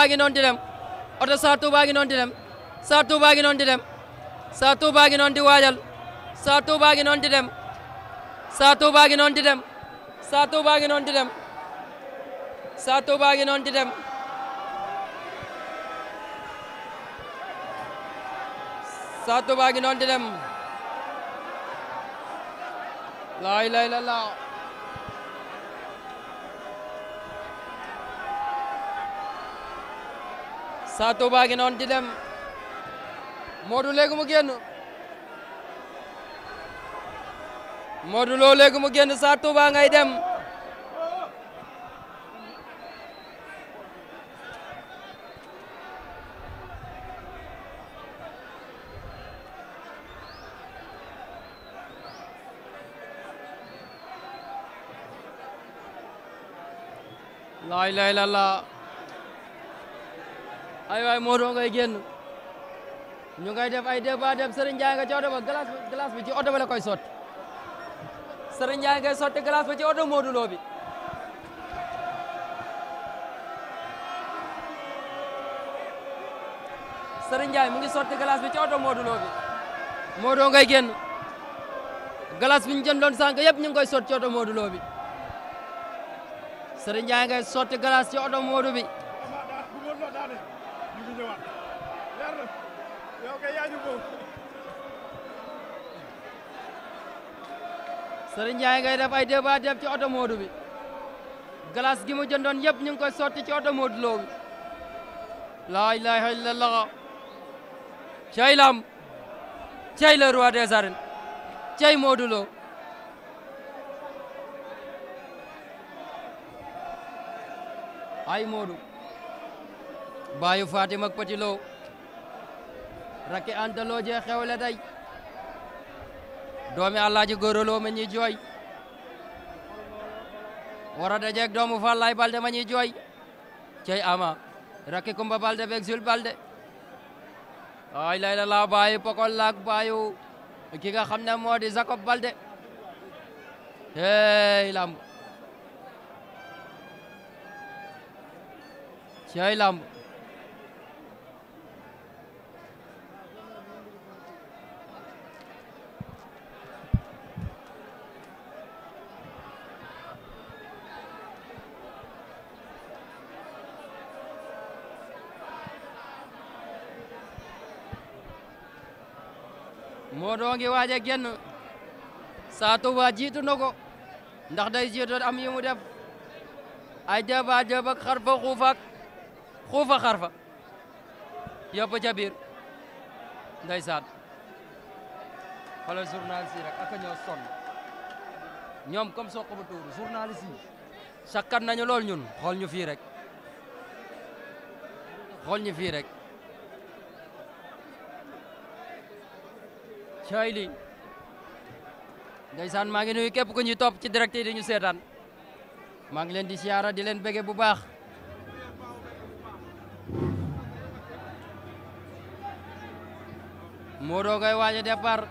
Touba gi noonu di dem oto Saa Touba gi noonu di dem Saa Touba gi noonu di dem Saa Touba gi noonu di waajal Saa Touba gi noonu di dem Saa Touba gi noonu di dem Saa Touba gi noonu di dem Saa Touba gi noonu di dem Saa Touba gi noonu di dem laa ilaaha illallaah Sa Touba i noonu di dem Modou léegi mu génn Modou Lo léegi mu génn Sa Touba ngay dem laa ilaaha illallaah ay waay Modou ngay génn ñu ngay def ay débat dem Serigne Ndiaye nga ci oto ba glace glace bi ci oto ba la koy sotti Serigne Ndiaye ngay ba ci oto Modou Lo bi Serigne Ndiaye mu ngi sotti glace bi ci oto génn glace bi ñu jëndoon sànq yëpp ñu ngi koy sotti ci oto Modou Lo bi Serigne Ndiaye ngay sotti ci oto Modou bi ñu ngi ñëwaat leer kay yaa ñu boobu. Serigne def ay débat def ci oto Modou bi glace gi mu jëndoon yëpp ñu ngi koy sotti ci oto Modou Lo bi. laa ilaaha illallah cey lam cey le roi des arènes cey Modou Lo. ay Modou. baayu Fatim ak Petit Lo rakki Anta Lo jee xewle day doomi Alaaji Góora Lo ma ñuy jooy war a dajeeg doomu Fallaay Balde ma ñuy jooy cey ama rakki Kumba Balde beeg Zul Balde ay lay la laa baayu Pokol laak baayu ki nga xam ne moo di Jacob Balde hey lamb cey lamb Modou ngi waaj a génn Sa Touba na ko ndax day jiitu am yu mu def ay jaba jaba xarfa xuufaak xuufa xarfa yëpp ca biir ndeysaan xoolal journaliste yi rek ak ñoo sonn ñoom comme soq bu tuuru journaliste yi nañu lool ñun xol ñu fii rek xool ñu fii rek cay li ndeysaan maa ngi nuyu képp ku ñuy topp ci direct yi di ñu seetaan maa ngi leen di siyaara di leen bége bu baax Modou ngay waaj a départ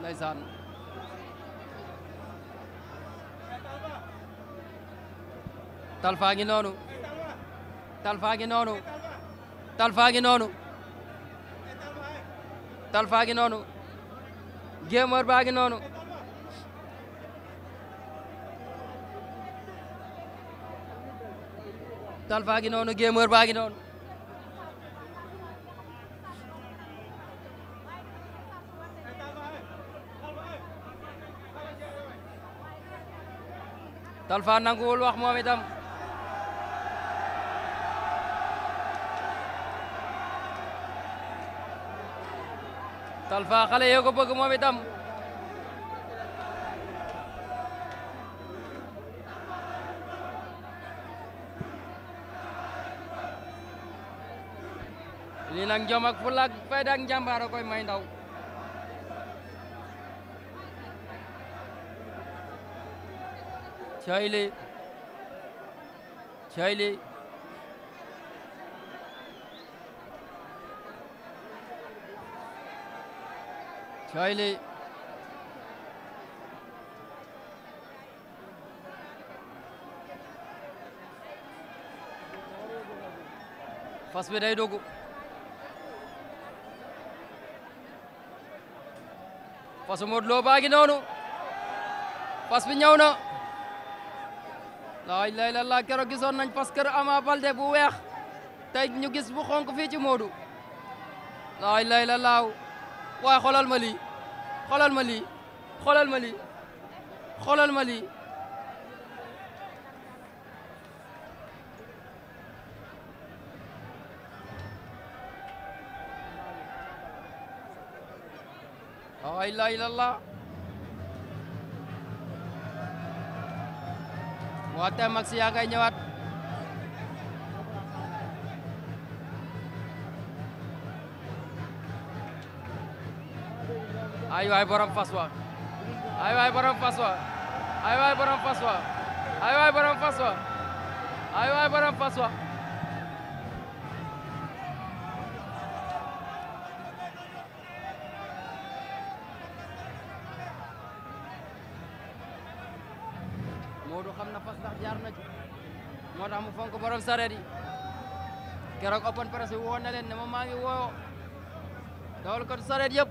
ndeysaan talfa ngi noonu talfa gi noonu talfa gi noonu talfa gi noonu gémër baa gi noonu talfa gi noonu gémër baa gi noonu talfa nanguwul wax moom itam Talfa xale yoo bëgg moom itam lii nag jom ak fulla ak fayda koy may ndaw cay li cay li Kiley. Fast vid dig Dogo. Faso modlo bagi nono. Fas bi ñëw na. laa ilaaha illallaah keroog gisoon nañ fas kër Ama Baldé bu weex tey ñu gis bu xonk fii ci Modou. laa ilaaha illallaah waa xolal ma lii xoolal ma lii xoolal ma xoolal ma lii laa ilaaha illallah waa tey mag si yaa ngay ñëwaat ay waay borom fas wa ay waay borom fas wa ay waay borom fas wa ay waay borom fas wa ay waay borom fas wa Modou xam na fas ndax jaar na ci moo tax mu fonk borom sareet yi keroog open presse woo na leen ne ma maa ngi woo dawal ko sareet yëpp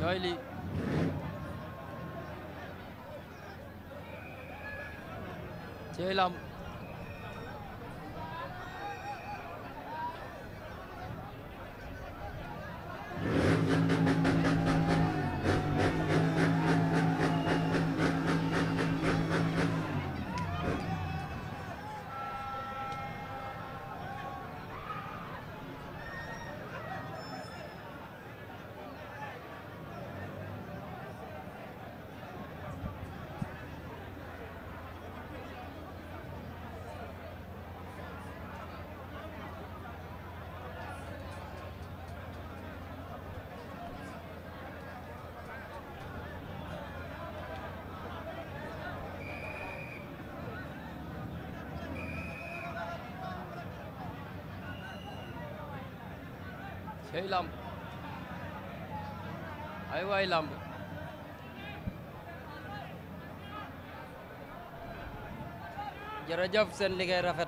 Şöyle. Ceylan cey làmb ay waay làmb jërëjëf seen liggéey rafet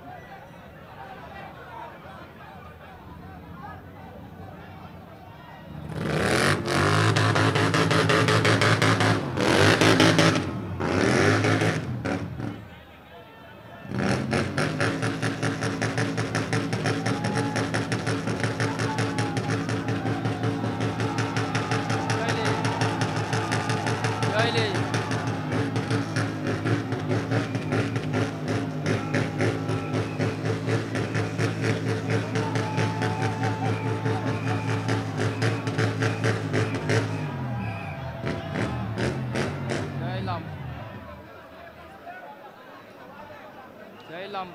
làmb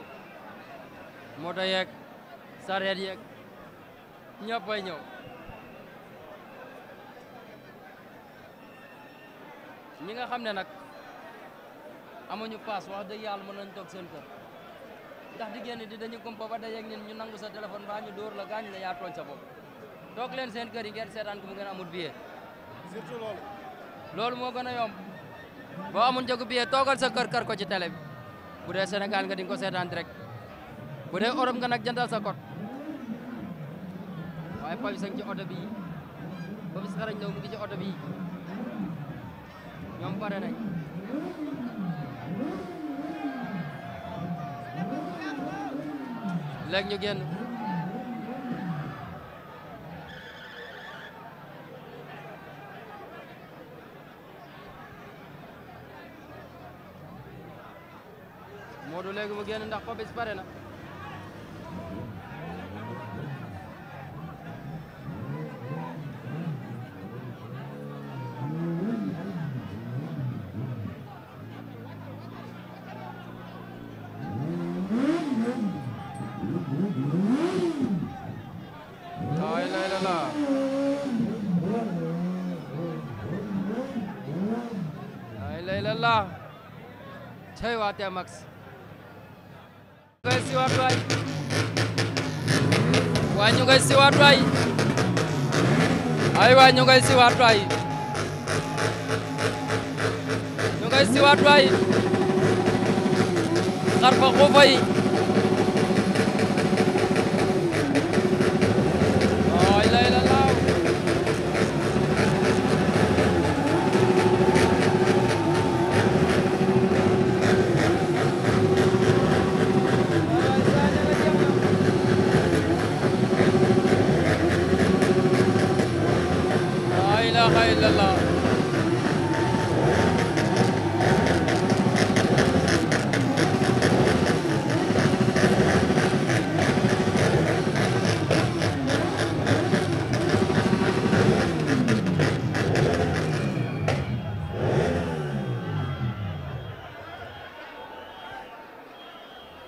moto yeg sareet yeeg ñëpp ñi nga xam ne nag amuñu paas wax dëgg yàlla mën nañ toog seen kër ndax di da di dañu kumpa ba dajeeg ñun ñu nangu sa téléphone ba ñu dóor la gaañ la yaa tooñ sa bopp leen seen kër yi ngeen seetaan ko mu ngeen amul billet. surtout loolu. loolu moo gën a yomb boo amul njëgu billet toogal sa kër kër ko ci télé bu dee Sénégal nga di nga ko seetaan direct bu dee Europe nga nag jëndal sa code waaye Papis a ngi ci oto bii Papis xarañ Lo mu ngi ci oto bii ñoom pare nañ léegi ñu génn Modou léegi mu génn ndax Papis pare na la la la cey waate max siwaat waay waay ñu ngay siwaat ay waay ñu ngay siwaat waay ñu ngay siwaat waay xar fa xuufa ilaha illallah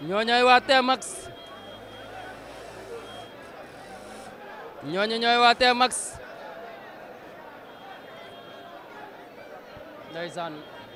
ñooñooy waa Tmax ñooñu ndeysaan